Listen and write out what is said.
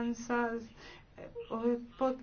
Eh, ovaj pod